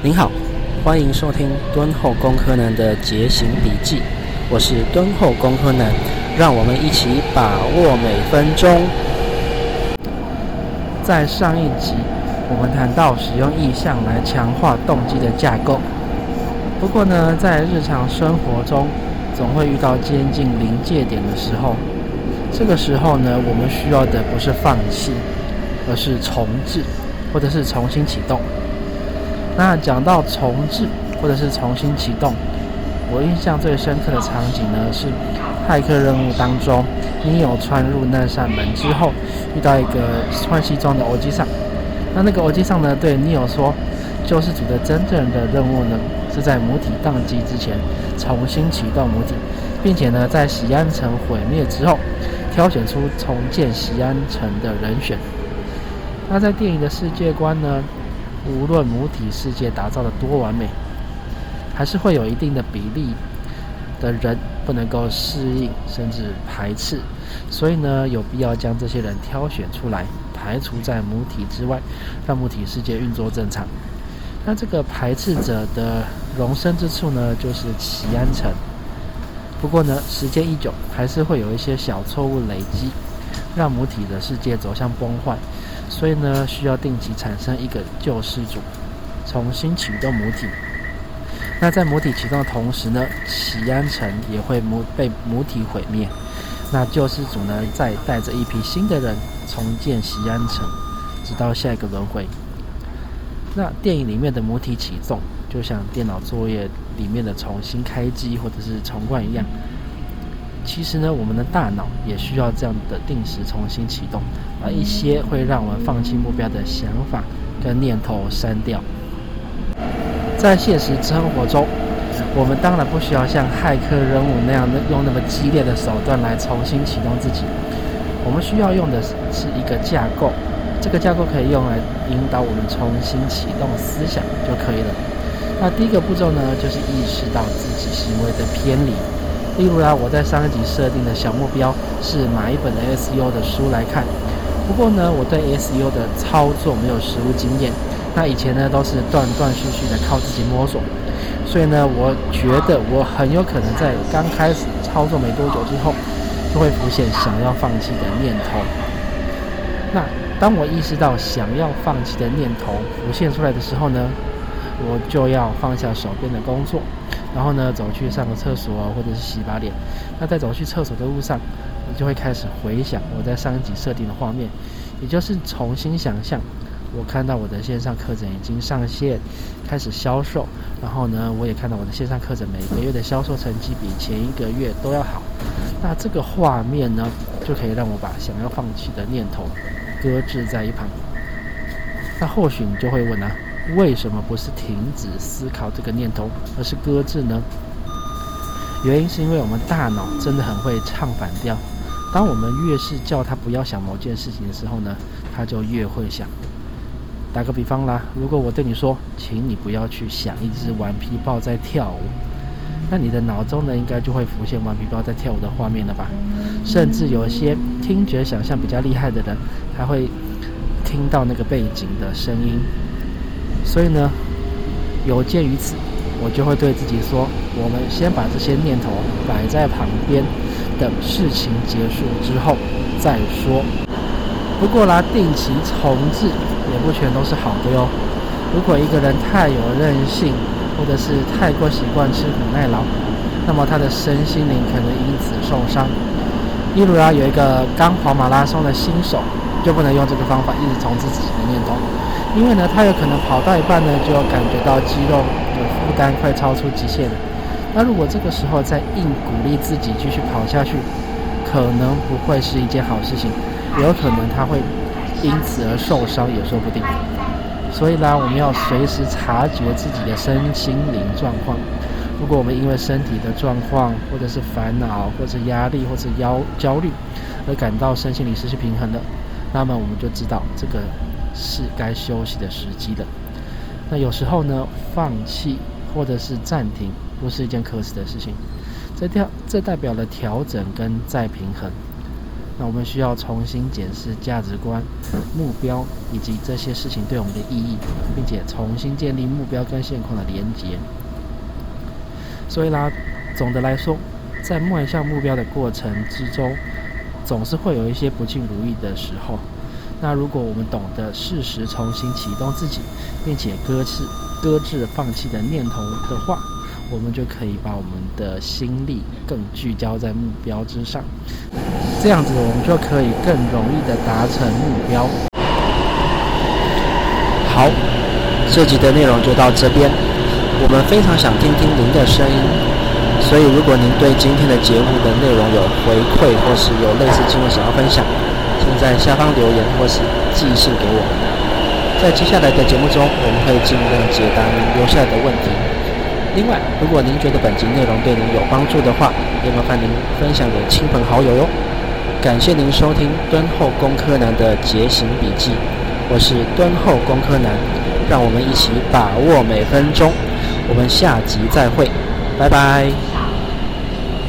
您好，歡迎收聽敦厚工科男的節行筆記，我是敦厚工科男，讓我們一起把握每分鐘。在上一集，我們談到使用意象來強化動機的架構。不過呢，在日常生活中，總會遇到接近臨界點的時候。這個時候呢，我們需要的不是放棄，而是重置，或者是重新啟動。那講到重置或者是重新啟動，我印象最深刻的場景呢，是駭客任務當中，尼歐穿入那扇門之後，遇到一個穿西裝的歐吉桑，那那個歐吉桑呢對尼歐說，救世主的真正的任務呢，是在母體宕機之前重新啟動母體，並且呢，在錫安城毀滅之後，挑選出重建錫安城的人選。那在電影的世界觀呢，無論母體世界打造得多完美，還是會有一定的比例的人不能夠適應，甚至排斥，所以呢，有必要將這些人挑選出來，排除在母體之外，讓母體世界運作正常。那這個排斥者的容身之處呢，就是錫安城。不過呢，時間一久，還是會有一些小錯誤累積，讓母體的世界走向崩壞。所以呢，需要定期產生一個救世主，重新啟動母體。那在母體啟動的同時呢，錫安城也會母被母體毀滅。那救世主呢，再帶着一批新的人重建錫安城，直到下一個輪迴。那電影裡面的母體啟動，就像電腦作業裡面的重新開機或者是重灌一樣。其實呢，我們的大腦也需要這樣的定時重新啟動，而一些會讓我們放棄目標的想法跟念頭刪掉。在現實生活中，我們當然不需要像駭客任務那樣用那麼激烈的手段來重新啟動自己，我們需要用的是一個架構，這個架構可以用來引導我們重新啟動思想就可以了。那第一個步驟呢，就是意識到自己行為的偏離。例如啦、啊，我在上一集設定的小目標是買一本的 SU 的書來看。不過呢，我對 SU 的操作沒有實務經驗，那以前呢都是斷斷續續的靠自己摸索。所以呢，我覺得我很有可能在剛開始操作沒多久之後，就會浮現想要放棄的念頭。那當我意識到想要放棄的念頭浮現出來的時候呢，我就要放下手邊的工作。然後呢，走去上個廁所，或者是洗把臉。那在走去廁所的路上，我就會開始回想我在上一集設定的畫面，也就是重新想象我看到我的線上課程已經上線，開始銷售。然後呢，我也看到我的線上課程每個月的銷售成績比前一個月都要好。那這個畫面呢，就可以讓我把想要放棄的念頭擱置在一旁。那或許你就會問啊？為什麼不是停止思考這個念頭，而是擱置呢？原因是因為我們大腦真的很會唱反調。當我們越是叫他不要想某件事情的時候呢，他就越會想。打個比方啦，如果我對你說，請你不要去想一隻頑皮豹在跳舞，那你的腦中呢，應該就會浮現頑皮豹在跳舞的畫面了吧？甚至有些聽覺想象比較厲害的人，還會聽到那個背景的聲音。所以呢，有鑑於此，我就會對自己說：我們先把這些念頭擺在旁邊，等事情結束之後再說。不過啦，定期重置也不全都是好的喲。如果一個人太有韌性，或者是太過習慣吃苦耐勞，那麼他的身心靈可能因此受傷。例如啊，有一個剛跑馬拉松的新手。就不能用這個方法一直重複自己的念頭，因為呢，他有可能跑到一半呢，就感覺到肌肉的負擔快超出極限了。那如果這個時候再硬鼓勵自己繼續跑下去，可能不會是一件好事情，也有可能他會因此而受傷也說不定。所以呢，我們要隨時察覺自己的身心靈狀況。如果我們因為身體的狀況，或者是煩惱，或者是壓力，或者是焦焦慮，而感到身心靈失去平衡的。那麼我們就知道這個是該休息的時機了。那有時候呢，放棄或者是暫停不是一件可恥的事情。這這代表了調整跟再平衡。那我們需要重新檢視價值觀、目標以及這些事情對我們的意義，並且重新建立目標跟現況的連結。所以啦，總的來說，在邁向目標的過程之中，總是會有一些不盡如意的時候。那如果我們懂得適時重新啟動自己，並且擱置、擱置、放棄的念頭的話，我們就可以把我們的心力更聚焦在目標之上。這樣子，我們就可以更容易地達成目標。好，這集的內容就到這邊。我們非常想聽聽您的聲音。所以，如果您對今天的節目的內容有回饋，或是有類似經歷想要分享，請在下方留言或是寄信給我們。在接下來的節目中，我們會盡量解答您留下的問題。另外，如果您覺得本集內容對您有幫助的話，也麻煩您分享給親朋好友喲。感謝您收聽《敦厚工科男的節行筆記》，我是敦厚工科男，讓我們一起把握每分鐘。我們下集再會，拜拜。